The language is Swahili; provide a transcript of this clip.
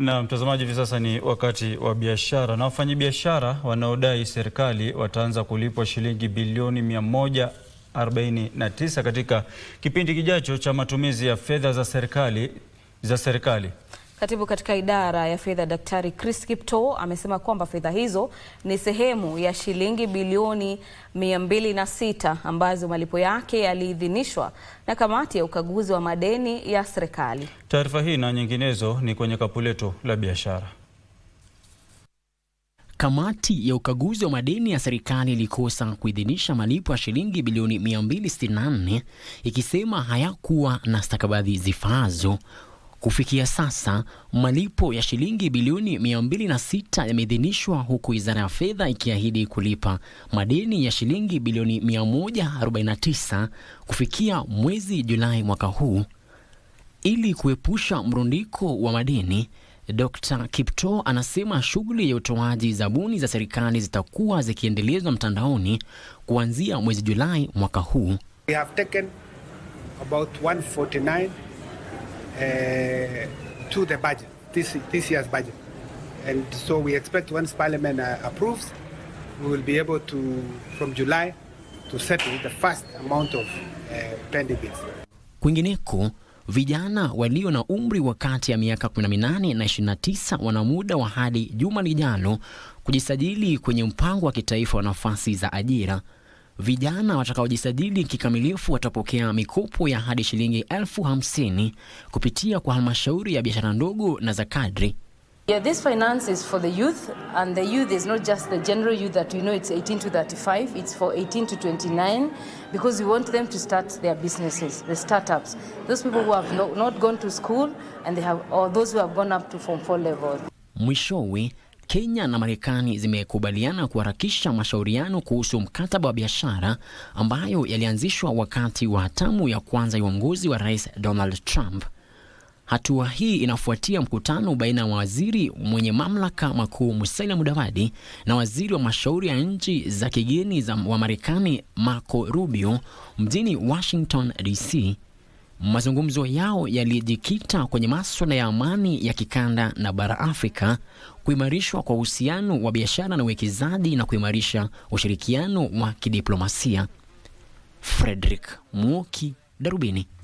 Na mtazamaji, hivi sasa ni wakati wa biashara na wafanyabiashara wanaodai serikali wataanza kulipwa shilingi bilioni 149 katika kipindi kijacho cha matumizi ya fedha za serikali za serikali. Katibu katika idara ya fedha Daktari Chris kipto amesema kwamba fedha hizo ni sehemu ya shilingi bilioni 206 ambazo malipo yake yaliidhinishwa na kamati ya ukaguzi wa madeni ya serikali. Taarifa hii na nyinginezo ni kwenye kapu letu la biashara. Kamati ya ukaguzi wa madeni ya serikali ilikosa kuidhinisha malipo ya shilingi bilioni 264 ikisema hayakuwa na stakabadhi zifaazo Kufikia sasa malipo ya shilingi bilioni 206 yameidhinishwa huku wizara ya fedha ikiahidi kulipa madeni ya shilingi bilioni 149 kufikia mwezi Julai mwaka huu ili kuepusha mrundiko wa madeni. Dr. Kipto anasema shughuli ya utoaji zabuni za serikali zitakuwa zikiendelezwa mtandaoni kuanzia mwezi Julai mwaka huu. We have taken about 149 Uh, to the budget, this, this year's budget. And so we expect once Parliament uh, approves, we will be able to, from July, to settle the first amount of uh, pending bills. Kwingineko, vijana walio na umri wa kati ya miaka 18 na 29 wana muda wa hadi juma lijalo kujisajili kwenye mpango wa kitaifa wa nafasi za ajira Vijana watakaojisajili kikamilifu watapokea mikopo ya hadi shilingi elfu hamsini kupitia kwa halmashauri ya biashara ndogo na za kadri. Yeah, this finance is for the youth and the youth is not just the general youth that we know it's 18 to 35, it's for 18 to 29 because we want them to start their businesses, the startups. Those people who have not, gone to school and they have or those who have gone up to form 4 level. Mwishowe Kenya na Marekani zimekubaliana kuharakisha mashauriano kuhusu mkataba wa biashara ambayo yalianzishwa wakati wa tamu ya kwanza ya uongozi wa Rais Donald Trump. Hatua hii inafuatia mkutano baina ya waziri mwenye mamlaka makuu Musalia Mudavadi na waziri wa mashauri ya nchi za kigeni wa Marekani Marco Rubio mjini Washington DC Mazungumzo yao yalijikita kwenye maswala ya amani ya kikanda na bara Afrika, kuimarishwa kwa uhusiano wa biashara na uwekezaji na kuimarisha ushirikiano wa kidiplomasia. Frederick Muoki, Darubini.